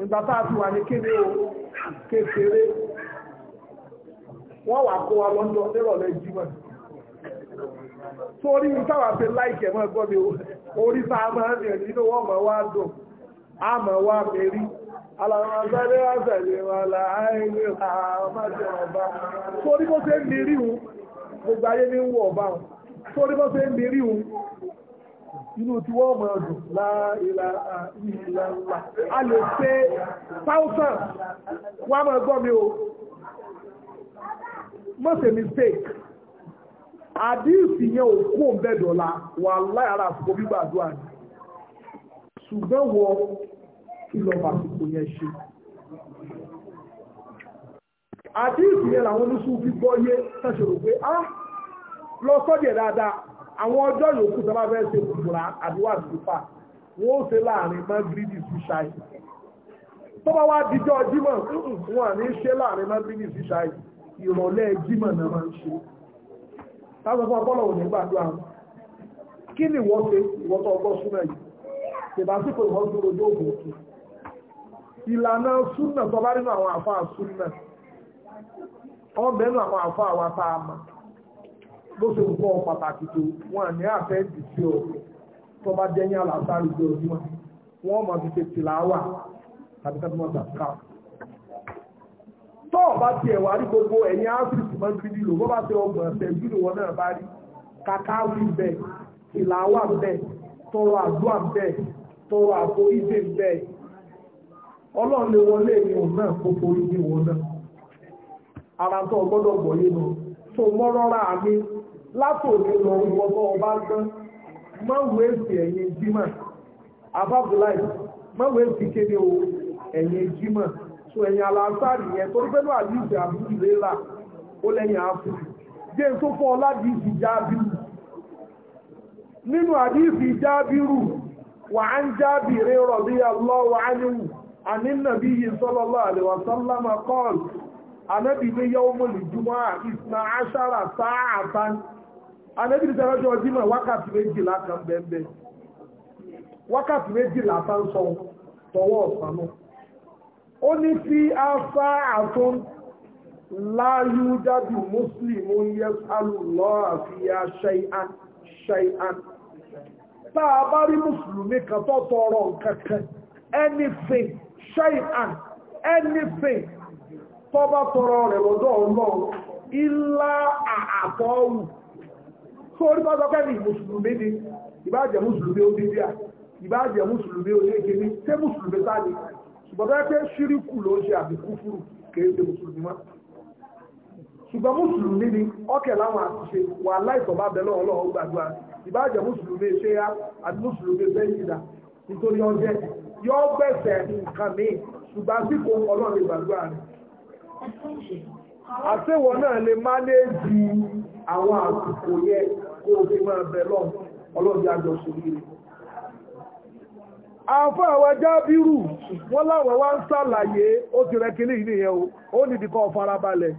Speaker 3: ìgbà tá wà ní kíni o kékeré
Speaker 1: wọ́n wà kó wa torí táwa fi láìkẹ̀ mọ́ ẹgbọ́n mi orí tá a máa ń rìn wọ́n mọ̀ wá dùn a wá mérí alàmọ̀sáré ọba torí ọba torí inú tí wọ́n mọ̀ ọdún láìlà ìlà ńlá a lè pé thousand wọ́n mọ̀ ẹgbọ́n mi o
Speaker 3: má ṣe mistake
Speaker 1: àdíìsì yẹn ò kó ń bẹ́ dọ̀la wà láì ara àsìkò gbígbàdúrà ni ṣùgbọ́n wọ kí lọ bàtìkò yẹn ṣe àdíìsì yẹn làwọn oníṣòwò fi gbọ́ yé tẹ̀sán rò pé ah lọ sọ́dẹ̀ dáadáa àwọn ọjọ́ yòókù tó bá fẹ́ ṣe kùkùrà àdúrà sífà wọ́n ó ṣe láàrin mágírídì sí ṣáì tó bá wá dijọ́ jímọ̀ wọn ní ṣe láàrin mágírídì sí ṣáì ìrọ̀lẹ́ jímọ̀ náà máa ń ṣe táwọn fún ọpọlọ òní gbàdúrà kí ni wọ́n ṣe ìwọ́n tó ọgbọ́ súnà yìí tèbásíkò ìwọ́n tó rojú ògùn òkú ìlànà súnà tó bá nínú àwọn àfáà súnà ọ̀bẹ̀nu àwọn àfáà wa tá a máa bó ṣe nǹkan pàtàkì tó wọn ní àfẹ́ǹdì sí ọ tó bá jẹ́ yín àlàáfáàrí jẹ́ ojúmọ́ wọn máa fi ṣe tìláwà tàbí ká tó máa zàkà. tó o bá tiẹ̀ wá rí gbogbo ẹ̀yìn áfíríkì máa ń fi lílo bó bá ṣe ọgbọ̀n ẹ̀sẹ̀ ìbílẹ̀ wọn náà bá rí kàkà wí bẹ́ẹ̀ tìláwà bẹ́ẹ̀ tọrọ àdúrà bẹ́ẹ̀ tọrọ àpò ìdè bẹ́ẹ̀ ọlọ́run lè wọlé èèyàn náà kó forí ní wọn náà ara tó gbọ́dọ̀ gbọ́ náà tó mọ́rọ́rá mi látòlé lọ wọ́tọ́ ọba ń tán mọ́wé sí ẹ̀yìn jímà abábùláì mọ́wé sí kéde o ẹ̀yìn jímà tó ẹ̀yìn aláàtàrí yẹn torí pẹ́lú àdìsí àbúrúlé là ó lẹ́yìn àfù jẹ́ tó fọ́ ládìsí jábìrù nínú àdìsí jábìrù wà á ń jábìrì rọ̀bí wà á níwù àní nàbí yìí Ànábì ní yọ́ mọ̀lẹ̀ jùmọ́ ìsìnà aṣára sáàtà. Ànábì ní sẹ́rọ́jọ́ ọdímọ̀ wákàtí méjìlá kan bẹ́ẹ̀ wákàtí méjìlá tá ń sọ tọwọ́ ọ̀sán náà. Ó ní sí afá àtún láyú dájú Mùsùlùmí ó ń yẹ alùlọ́ àfi ṣẹ́yán ṣẹ́yán. bá rí Mùsùlùmí kan tó tọrọ nǹkan kan, anything, ṣẹ́yán, anything. tọ́bá tọrọ rẹ̀ lọ́dọ̀ ọlọ́run ilá àtọ́wù tó orí ní mùsùlùmí ni ìbájẹ̀ mùsùlùmí ó à ìbájẹ̀ mùsùlùmí ó léke ní tẹ́ mùsùlùmí ṣùgbọ́n ṣíríkù ló ṣe àbí mùsùlùmí ṣùgbọ́n mùsùlùmí ni ọkẹ̀ láwọn wà lọ́wọ́ lọ́wọ́ gbàdúrà ìbájẹ̀ mùsùlùmí ṣe yá àti mùsùlùmí bẹ́ẹ̀ ìdá nítorí ọjẹ́ yọ gbẹ̀sẹ̀ nǹkan míì ṣùgbọ́n àsìkò ọlọ́run ìgbàdúrà rẹ̀ àṣewọ̀ náà lè mánéèjì àwọn àsìkò yẹ kó o fi máa bẹ̀ lọ ọlọ́dí àjọ ṣòwúrẹ́ àfọ́ àwọn Jábírù wọ́n láwọn wá ń sàlàyé ó ti rẹ kìlì nìyẹn o ó nìdí kan farabalẹ̀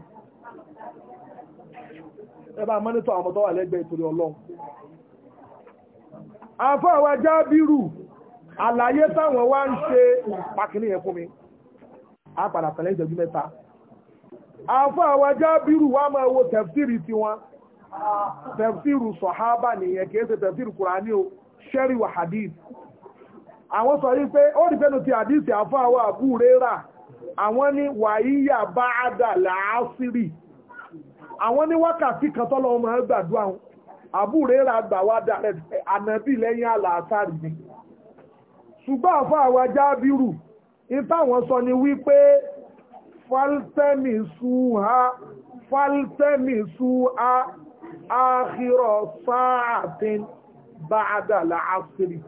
Speaker 1: ẹ bá mọ́nítọ̀ àwọn tó wà lẹ́gbẹ̀ẹ́ ìtorí Ọlọ́run àfọ́ àwọn Jábírù àlàyé táwọn wá ń àfọ́ àwọn Jábírù wá máa wo tẹ̀fsìrì tí wọ́n tẹ̀fsìrù sọ̀hábà nìyẹn kìí ṣe tẹ̀fsìrù kùránì o ṣẹ́rì wà hadith àwọn sọ yí pé ó rí fẹ́nu ti hadith àfọ́ àwọn àbúrérà àwọn ní wàíyà bá àdà làásìrì àwọn ní wákàtí kan tọ́lọ́ ọmọ gbàdúrà wọn àbúrérà gbà wá dàrẹ́ ànàbì lẹ́yìn àlàásàrì ni ṣùgbọ́n àfọ́ àwọn Jábírù ìtàwọn sọ ni wípé fáltẹ́mì súhá fáltẹ́mì súhá áhírọ̀ sáàtín báadàlá àṣírí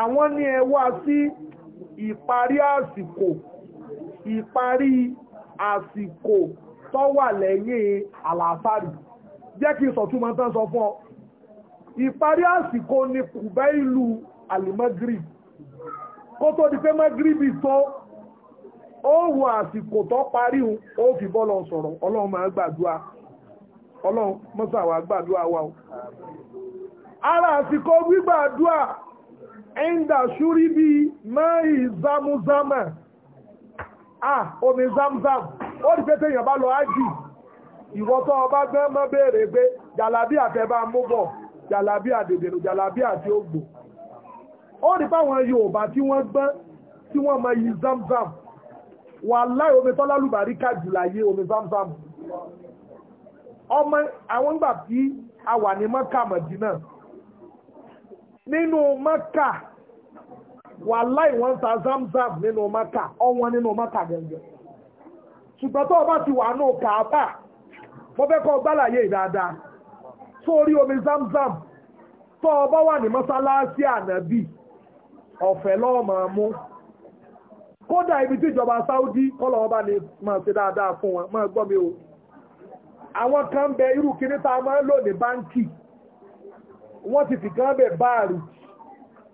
Speaker 1: àwọn ní ẹ wá sí ìparí àsìkò ìparí àsìkò tó wà lẹ́yìn àlàáfàrí jẹ́ kí sọ̀túnmọ̀ tán sọ fún ọ ìparí àsìkò ni kùbẹ́ ìlú àlìmọ́gírì kó tó di pé mọ́gírì bí tó ó wo àsìkò tó parí ó fi bọ́lọ̀ sọ̀rọ̀ ọlọ́run máa gbàdúrà ọlọ́run mọ́sàwà gbàdúrà wa o ara àsìkò gbígbàdúrà ẹ̀ńdà ṣúrí bí mẹ́rin zamuzama ah omi zamzam ó rí pé téèyàn bá lọ ájì ìwọ́tọ́ ọba gbẹ́ mọ́ béèrè pé jàlábí àtẹ́bá mú bọ̀ jàlábí àdèdèrò jàlábí àti ògbò ó rí páwọn Yorùbá tí wọ́n gbọ́n tí wọ́n mọ yí zamzam wà láì omi tọ́lá lùbàrí kájù láyé omi zamzam ọmọ àwọn ìgbà tí a wà ní mọ́kà mọ̀dínà nínú mọ́kà wà láì wọ́n ta zamzam nínú mọ́kà ọwọ́n nínú mọ́kà gẹ́gẹ́ ṣùgbọ́n tó o bá ti wà ní kàábà mo fẹ́ kọ́ gbálàyé dáadáa sórí omi zamzam tó o wà ní mọ́sálásí ànábì ọ̀fẹ́ lọ́ọ̀mọ̀ mú kódà ibi tí ìjọba Saudi kọ́lọ̀ ọba ni máa ṣe dáadáa fún wọn máa gbọ́ mi o àwọn kan bẹ irú kíní tá a máa lò ní báńkì wọ́n ti fi kan bẹ̀ báàrù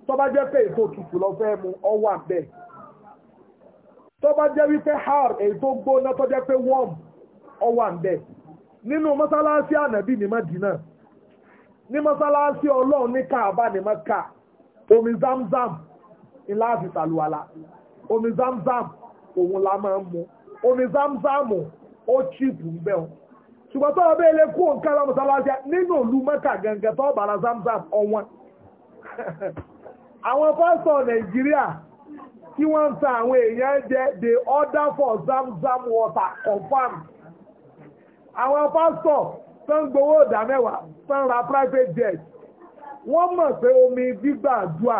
Speaker 1: tó bá jẹ́ pé èso tutù lọ fẹ́ mu ọwà bẹ́ẹ̀ tó bá jẹ́ wípé har èyí tó gbóná tó jẹ́ pé warm ọwà bẹ́ẹ̀ nínú mọ́sálásí ànàbí ní Mádínà ní mọ́sálásí ọlọ́run ní Káàbà omi zamzam ńlá àti omi zamzam òun la máa ń mu omi zamzam ó chíìpù ń bẹ̀ wọn ṣùgbọ́n tó ọbẹ̀ ilé kú nǹkan lọ́mọ sáláṣẹ́ nínú ìlú mẹ́ta gẹ̀ǹgẹ̀ tó bàrà zamzam ọ̀wọ́n
Speaker 3: [LAUGHS]
Speaker 1: àwọn pásọ̀ nàìjíríà tí wọ́n ń ta àwọn èèyàn jẹ́ the order for zamzam water confam àwọn pásọ̀ tó ń gbowó ìdá mẹ́wàá tó ń ra private jet wọ́n mọ̀ pé omi gbígbàdúà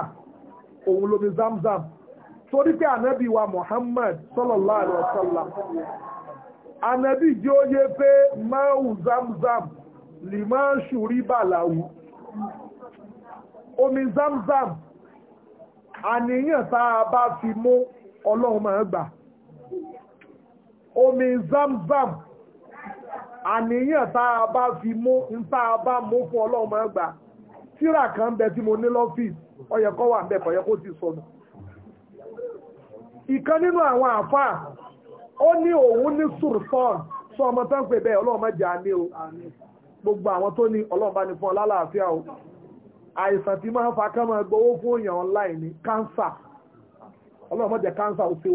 Speaker 1: òun lomi zamzam. -zam torí pé ànábì wa Muhammad sallallahu alaihi wasallam ànábì jẹ́ oyé pé máwù zamzam lè máa ń ṣùrí bàláwù omi zamzam àníyàn tá a bá fi mú ọlọ́run máa gbà omi zamzam àníyàn tá a bá fi mú ń tá a bá mú fún ọlọ́run máa gbà tíra kan bẹ tí mo ní lọ́fíìsì ó wà ń bẹ kò kó ti sọnù. So ìkan nínú àwọn àfáà ó ní òun ní sùrùsọ́ọ̀n sọ ọmọ tó ń pè bẹ́ẹ̀ ọlọ́run o gbogbo àwọn tó ní ọlọ́run bá ní fún o àìsàn tí máa ń fa ká máa gbowó fún èèyàn online ní kánsà ọlọ́run má o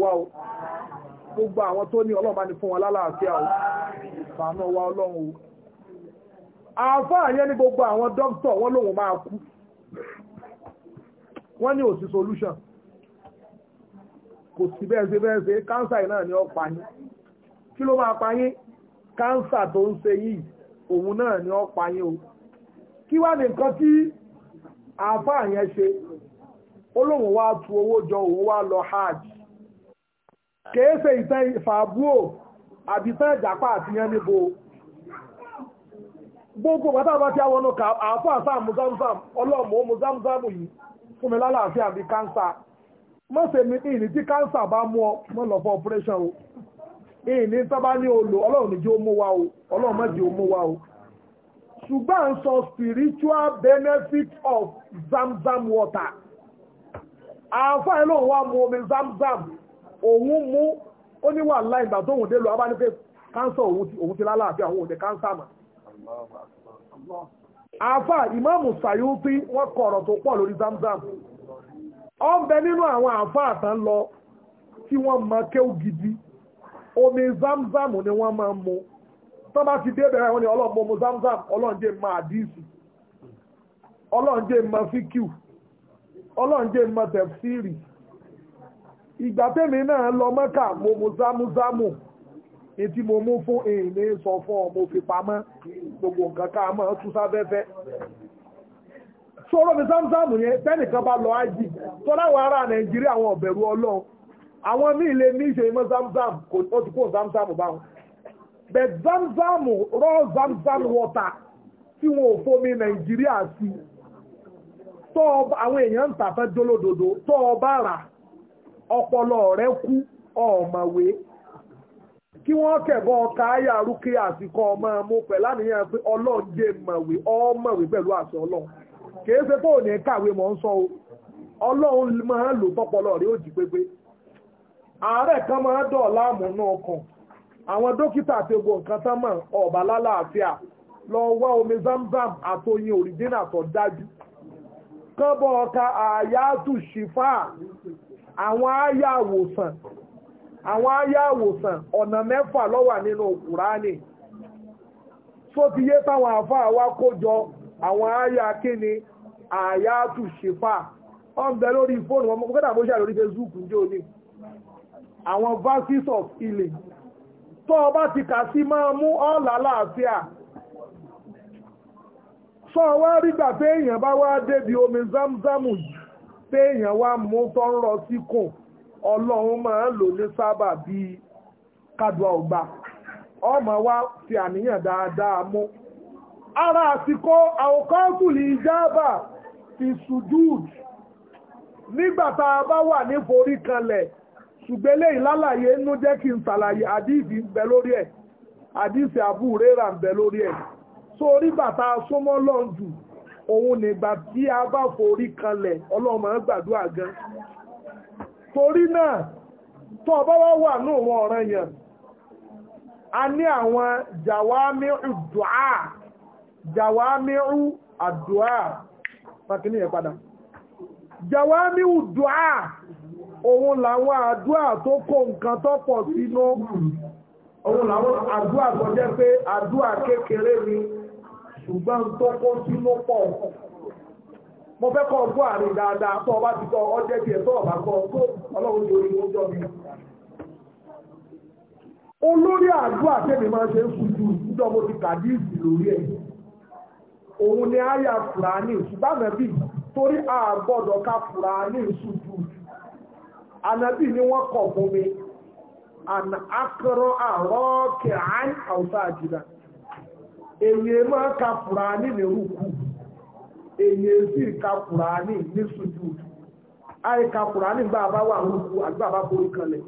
Speaker 1: gbogbo àwọn tó ní ọlọ́run bá ní fún o fàánà wa ọlọ́run o àfáà yẹn ní gbogbo àwọn dókítà wọ́n lòun máa kú ní òsì kò sí bẹ́ẹ̀ ṣe bẹ́ẹ̀ ṣe kánsà yìí náà ni ó pa yín kí ló máa pa yín kánsà tó ń ṣe yìí òun náà ni ó pa o kí wá ní nǹkan tí àáfàá yẹn ṣe ó lóun wá tu owó jọ òun wá lọ hajj kèé ṣe ìtàn ìfàbúò àbí tán ìjàpá àti yẹn níbo gbogbo pátá bá ti àwọn ọ̀nà àáfàá sáà mú ọlọ́mọ mú yìí fún mi lálàáfíà bí kánsà mọ́sẹ̀ mi ìní tí káńsà bá mú ọ mọ́ lọ fún ọpẹ́rẹ́ṣàn o ní olò ọlọ́run ní jẹ́ ó mú wa o ọlọ́run má jẹ́ ó wa o ṣùgbọ́n sọ spiritual benefit of zamzam water àáfàá ẹ̀ lóun mu omi zamzam òun mú ó láì ìgbà tóun dé lọ abánífẹ́ káńsà òun ti wọ́n tó pọ̀ lórí zamzam. ọ ń bẹ nínú àwọn àáfàá tán lọ tí wọ́n mọ kéwù gidi omi zamzam ni wọ́n máa ń mu tó bá ti dé bẹ̀rẹ̀ wọn ni ọlọ́run mọ̀mọ́ zamzam ọlọ́run jẹ́ mọ àdísù ọlọ́run jẹ́ mọ fíkìú ọlọ́run jẹ́ mọ tẹ̀fsírì ìgbà tẹ́mi náà lọ mọ́kà mọ̀mọ́ zámúzámù etí mo mú fún èèyàn sọ fún ọ mo fi pamọ́ gbogbo nǹkan ká máa tú sáfẹ́fẹ́ tó rọ́ mi sámsámù yẹn tẹ́nìkan bá lọ ájì tó láwọn ará nàìjíríà àwọn ọ̀bẹ̀rù ọlọ́run àwọn míì lè ní ìṣe ìmọ̀ sámsámù kò ó ti kó sámsámù báwọn bẹ̀ sámsámù rọ́ sámsámù wọ́ta tí wọn ò fomi nàìjíríà sí tọ́ àwọn èèyàn ń tà fẹ́ jólódodo tọ́ ọ bá rà ọpọlọ rẹ kú ọ̀mọ̀wé kí wọ́n kẹ̀bọ́ ọkà ayárúkẹ́ àsìkò ọmọ ẹ̀mú pẹ̀lú àníyàn pé ọlọ́ọ̀jẹ̀ mọ̀wé ọmọ̀wé pẹ̀lú àṣọ ọlọ́run kìí ṣe tó ní kàwé mọ̀ ń sọ o ọlọ́run máa ń lò tọ́pọlọ rẹ̀ ó jí pépé ààrẹ kan máa ń dọ̀ láàmú àwọn dókítà àti ogun nǹkan tán mọ̀ ọ̀bà lálàáfíà lọ wá omi zamzam àtòyìn òrìdínà tó dájú kọ́bọ̀ ọ̀ka àyàtù ṣìfà àwọn àyà àwòsàn àwọn àyà àwòsàn ọ̀nà mẹ́fà lọ́wà nínú Kùránì tó ti yé táwọn àfáà wá kó jọ àwọn àyà kíni àyàtù ṣèfà wọ́n bẹ lórí fóònù wọn mọ́kọ́dà bó ṣà lórí Facebook ń jẹ́ òní àwọn verses of healing tó ọba ti kà sí máa mú ọ̀là láàfíà sọ wá rígbà pé èèyàn bá wá débi omi zamzamu yìí pé èèyàn wá mú tó ń rọ sí kùn ọlọ́run máa ń lò ní sábà bíi kádùá ọgbà ọmọ wa fi àníyàn dáadáa mú. ara àsìkò àwòkọ́ọ̀kùlì ìjábà fi sùjúùd nígbàtà bá wà ní forí kanlẹ̀ ṣùgbélé ìlàlàyé nú jẹ́ kí n ṣàlàyé àdíìsì ń bẹ lórí ẹ̀ àdíìsì àbú rẹ́rà ń bẹ lórí ẹ̀ so orígbàtà súnmọ́ lọ́n òun nígbà tí a bá forí kanlẹ̀ ọlọ́mọ gbàdúrà gan torí náà tó ọba wá wà ní òun ọ̀ranyàn a ní àwọn jàwámi dùá jàwámíhù àdúà pàkínú yẹ padà jàwámíhù dùà òun làwọn àdúà tó kó nǹkan tó pọ̀ sínú òun làwọn àdúà tó jẹ́ pé àdúà kékeré ni ṣùgbọ́n tó kó sínú pọ̀ mo fẹ́ kọ́ ọgbọ́ àrí dáadáa tó ọba ti kọ́ ọjẹ́ tiẹ̀ tó ọba kọ́ tó ọlọ́run lórí oúnjọ́ mi olórí àdúà tẹ́mi máa ṣe ń kú ju ìjọba ti kàdí ìsìn lórí ẹ̀ òun ni torí a ká fúrání ṣùgbọ́n ànábì ni wọ́n kọ̀ fún mi akọrọ èyí ka fúrání ní rúkú èyí sì ka fúrání ní ṣùgbọ́n àìka fúrání gbà bá wà rúkú àgbà bá borí kanlẹ̀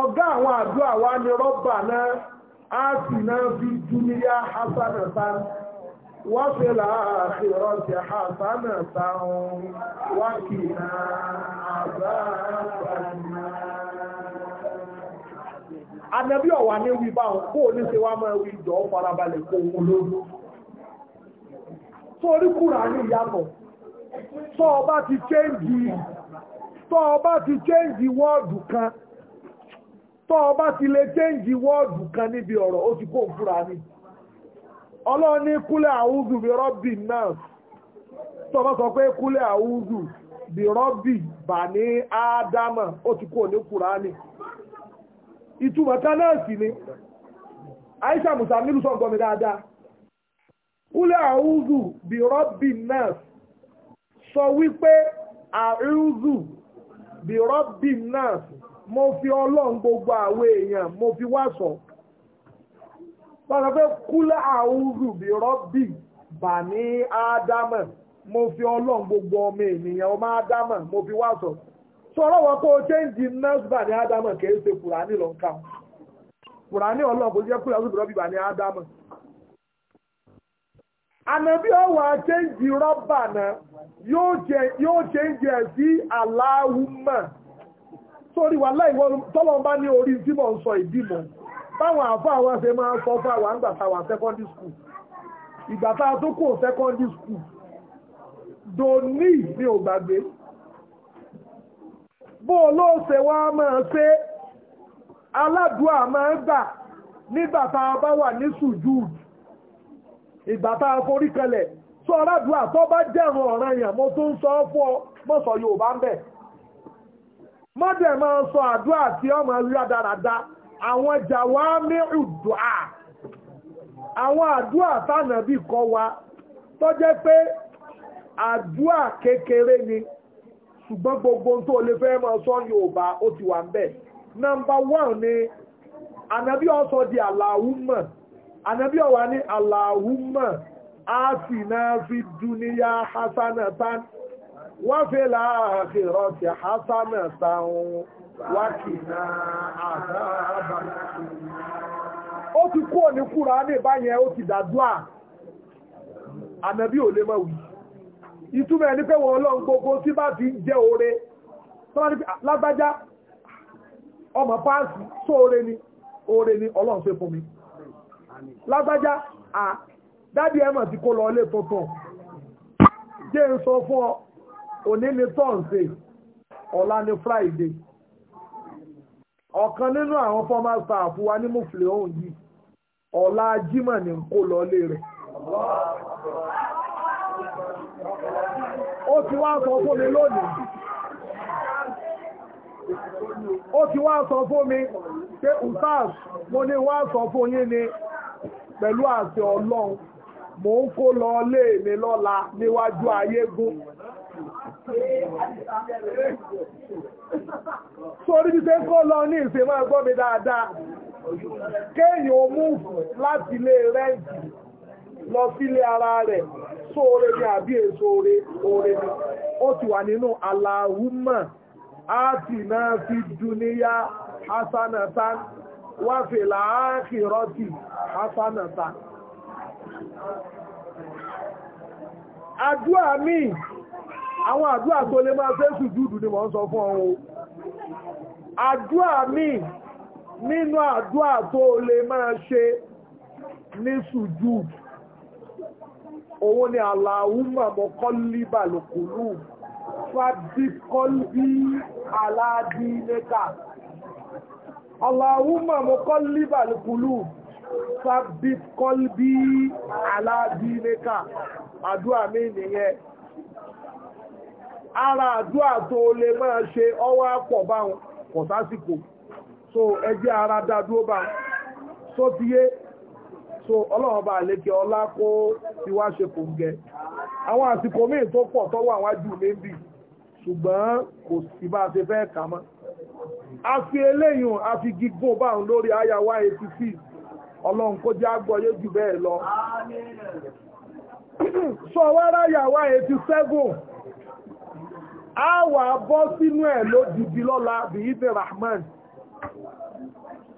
Speaker 1: ọ̀gá àwọn àdúrà wa ni rọ́bà náà á sì náà fi وفي الآخرة حسنة وقنا
Speaker 2: عذاب النار Ànàbí
Speaker 1: ọ̀wà ní wí báwọn kó ní ṣe wá máa wí ìjọ farabalẹ̀ kó wọn lórí. Sórí kúrà ní ìyàtọ̀, tọ́ ọba ti chéǹjì, tọ́ ọba ti chéǹjì wọ́ọ̀dù kan, tọ́ ọba ti lè chéǹjì wọ́ọ̀dù kan níbi ọ̀rọ̀ ó ti kó fúra ní ọlọ́run ní kúlẹ̀ àwúzù bí rọ́bì náà tó bá sọ pé kúlẹ̀ àwúzù bí rọ́bì bà ní ádámà ó ti kú ní kùránì ìtumọ̀ náà sì ni aisha musa nílùú sọ̀gbọ́n mi dáadáa kúlẹ̀ àwúzù bí rọ́bì náà sọ wípé àrúzù bí rọ́bì náà mo fi ọlọ́run gbogbo àwọn èèyàn mo fi wá sọ̀rọ̀ bọ́nà pé kúlẹ̀ àwùrù bí rọ́bì bà ní mo fi ọlọ́run gbogbo ọmọ ènìyàn ọmọ ádámà mo fi wá sọ sọ̀rọ̀ wọn kó o chẹ́ǹdì nọ́ọ̀sìbà ní ádámà kìí ṣe kùránì lọ ń kura kùránì ọlọ́run kò jẹ́ kúlẹ̀ àwùrù bí rọ́bì bà ní ádámà. ànàbí ọwọ́ chẹ́ǹdì rọ́bà náà yóò chẹ́ǹdì ẹ̀ sí aláwùmọ̀ sórí wàhálà ìwọ tọ́lọ́ bá ní orí tí mò ń sọ ìdí mọ̀ báwọn afọ àwọn se máa ń sọ fún àwọn àgbàta wà secondary school ìgbàta tó kò secondary school do ní ògbàgbé bó olóòṣè wá máa ṣe aládùúà máa ń gbà nígbàta bá wà ní sùjúùd ìgbàta foríkẹlẹ̀ sọ aládùúà tó bá jẹ́rùn ọ̀ràn mo tó sọ fún ọ mọ́sọ̀ àwọn jàwámíù dùà àwọn àdúà tánàbí kọ́ wa tó jẹ́ pé àdúà kékeré ni ṣùgbọ́n gbogbo tó lè fẹ́ mọ́ sọ Yorùbá ó ti wà ń bẹ̀ nọ́mbà ni ànàbí ọ̀sọ̀ di àlàúmọ̀ ànàbí ọ̀wà ní àlàúmọ̀ a sì náà fi dúníyà hasanatan wọ́n fi láàáfẹ́ rọ̀ sí hasanatan wákìlá àdáàbà ó ti kú òní kúra ní ìbáyẹn ó ti dàdúà ànàbí ò lè mọ̀ wí ìtumọ̀ ẹni pé wọ́n ọlọ́run gbogbo tí bá fi jẹ́ oore lágbájá ọmọ páàsì sóore ni oore ni ọlọ́run fún mi lágbájá à dádì ẹ̀mọ̀ tí kò lọ ilé tuntun jẹ́ ń sọ fún ọ òní ni tọ́ǹsì ni Friday ọ̀kan nínú àwọn former staff wa ní mufle ọ̀hún yìí ọ̀la jimoh ni kò lọlé rẹ̀ ó ti wá sọ fún mi lónìí ó ti wá sọ fún mi pé usas mo ní wá sọ fún yín ni pẹ̀lú àṣẹ ọlọ́run mò ń kó lọ lé mi lọ́la níwájú ayégún Sórí ti pé kó lọ ní ìsìn máa gbọ́ mi dáadáa. Kéèyàn ó mú láti ilé rẹ́ǹtì lọ sílé ara rẹ̀ sóore ní àbí èso oore oore ni. Ó ti wà nínú aláhùmọ̀ áti náà fi dúníyá hasanatan wá fèlà áàkìrọ́tì hasanatan.
Speaker 3: Àdúrà míì àwọn àdúrà tó lè máa fẹ́
Speaker 1: sùjúdù ni wọ́n sọ fún ọ o àdúrà míì nínú àdúrà tó lè máa ṣe ní sùjúdù òun ni àlàúmà mọ́kànlíbà lòkùnrù fàdíkọ́lbí aládínẹ́ta àlàúmà mọ́kànlíbà lòkùnrù fàdíkọ́lbí aládínẹ́ta àdúrà míì nìyẹn ara àdúrà tó lè máa ṣe ọwọ́ àpọ̀ báwọn kò sásìkò so ẹjẹ́ ara dá dúró bá so ti yé so ọlọ́run bá lékè ọlá kó ti wá ṣe kò ń gẹ àwọn àsìkò míì tó pọ̀ tọ́wọ́ àwọn ajú mi ń bì ṣùgbọ́n kò sì bá a ṣe fẹ́ kà mọ́ a fi eléyìn a fi gígùn báwọn lórí àyà 186 ọlọ́run kó jẹ́ agbọ́yé jù bẹ́ẹ̀ lọ so wá ráyà 187 a wà bọ́ sínú ẹ̀ lódìdí lọ́la bìíní rahman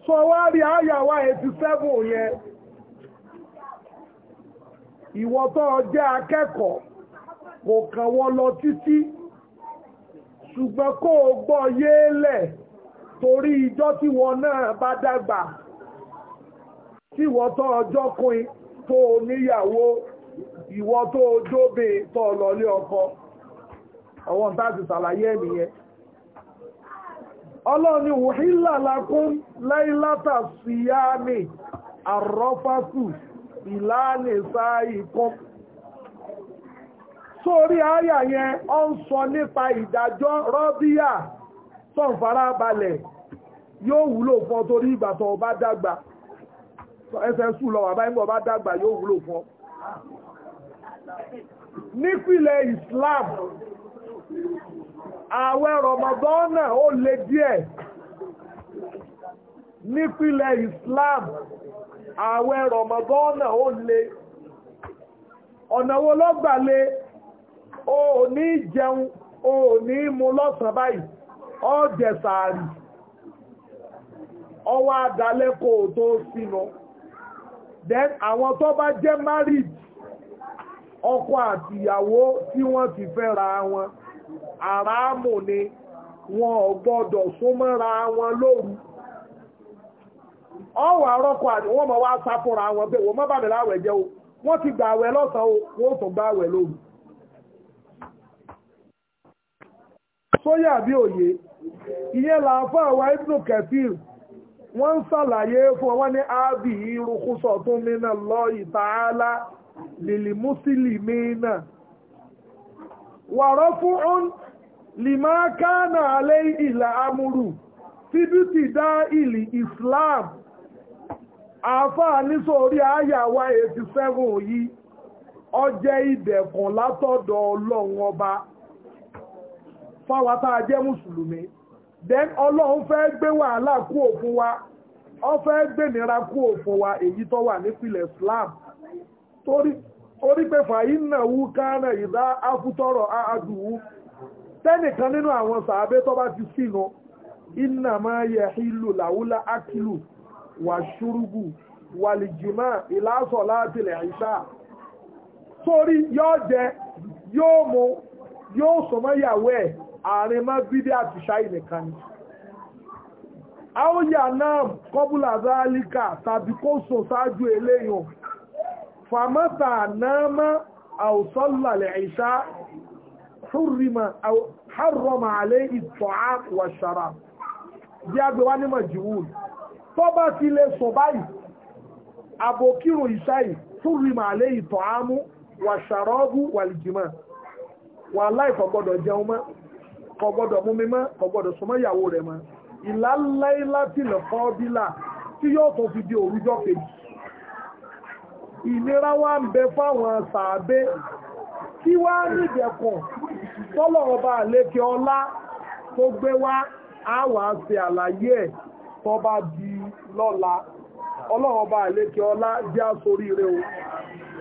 Speaker 1: sọ wá rí àyàwá 87 yẹn ìwọ tó jẹ́ akẹ́kọ̀ọ́ kò kàn wọ́n lọ títí ṣùgbọ́n kó o gbọ́ yéélẹ̀ torí ìjọ́ tí wọ́n náà bá dàgbà tí wọ́n tó ọjọ́ kùn tó níyàwó ìwọ tó ojóbe tó lọlé ọkọ ọwọ́n tá ti sàlàyé ẹ̀nìyẹn ọlọ́run ni wùhílà lákún láìlátà síyáàmì àrọ́fásù ìlànà sáàìkún sórí àyà yẹn ó ń sọ nípa ìdájọ́ rọ́bíà tọ́n farabalẹ̀ yóò wúlò fún ọ torí ìgbà tó bá dàgbà ẹsẹ̀ sùn lọ wà báyìí bọ̀ bá dàgbà yóò wúlò fún ọ Islam ààwẹ̀ rọmọdọ́nà ó lè díẹ̀ nípìlẹ̀ Islam ààwẹ̀ rọmọdọ́nà ó lè ọ̀nà wo ló gbà lé o ò ní jẹun o ò ní mu lọ́sàn báyìí ó jẹ sàárì ọwọ́ adalẹ́ kò tó sínú then àwọn tó bá jẹ́ married ọkọ àtìyàwó tí wọ́n ti fẹ́ra wọn àràámù ni wọn ò gbọ́dọ̀ súnmọ́ra wọn lóru ọwọ́ arọ́kọ̀ àti wọ́n mọ̀ wá sá fúnra wọn pé wọ́n má bàmí láwẹ̀ jẹ́ o wọ́n ti gbà àwẹ̀ lọ́sàn-án o wọ́n tún gbà àwẹ̀ lóru sóyà bí òye ìyẹn làáfà àwa ibnu kẹfìr wọ́n ń sàlàyé fún wọn ní ábì irun kúsọ̀ tún mí náà lọ ìtààlà lìlìmúsílì mí náà wàrọ́fún lima kana alẹ́ ìlà amúrù fíbítì dá ìlì islam àáfàá nítorí àyàwá 87 yìí ọjẹ́ ìdẹ̀kùn látọ̀dọ̀ ọlọ́run ọba fáwátá ajẹ́ mùsùlùmí then ọlọ́run fẹ́ gbé wàhálà kú òfin wa ọ fẹ́ gbèmíra kú òfin wa èyí tó wà nípìnlẹ̀ islam torí torí pé fàyínàwú kánà ìdá afútọ́rọ̀ àádùwú tẹ́nìkan nínú àwọn sàábé tó bá ti sínú iná máa yẹ ìlú làwúlá ákìlù wà ṣúrúgù wà lìjìmá ìlàsọ̀ látìlẹ̀ àìsà torí yóò jẹ yóò mú yóò soma yàwó ẹ̀ àárín má bídí àti ṣáì nìkan ni àwọn yà náà kọ́bùlà zálíkà tàbí kó sùn ṣáájú eléyàn fàmátà náàmà àwùsọ́lá lẹ́ẹ̀ṣá hàrọ̀mà alẹ́ ìtọ́á wàṣàrà bí a gbé wá ní màjúwùl tó bá ti lè sọ báyìí àbòkírùn ìṣáyìí hàrọ̀mà alẹ́ ìtọ́á mú wàṣàrọ́bù wàlìjìmá wàláì kò gbọ́dọ̀ jẹun mọ́ kò gbọ́dọ̀ mú mi mọ́ kò gbọ́dọ̀ súnmọ́ ìyàwó rẹ̀ mọ́ ìlàláìlá tìlẹ̀kọ́ bílà tí yóò tó fi di òrújọ́ kejì ìlera wa ń bẹ fáwọn sàábé kí wá nídẹ̀kùn tọ́lọ̀ ọba àlékè ọlá tó gbé wá àwà ṣe àlàyé ẹ̀ tó bá di lọ́la ọlọ́ọ̀ba àlékè ọlá jẹ́ àsoríire o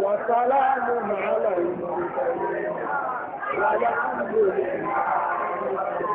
Speaker 2: وسلام على المرسلين والحمد لله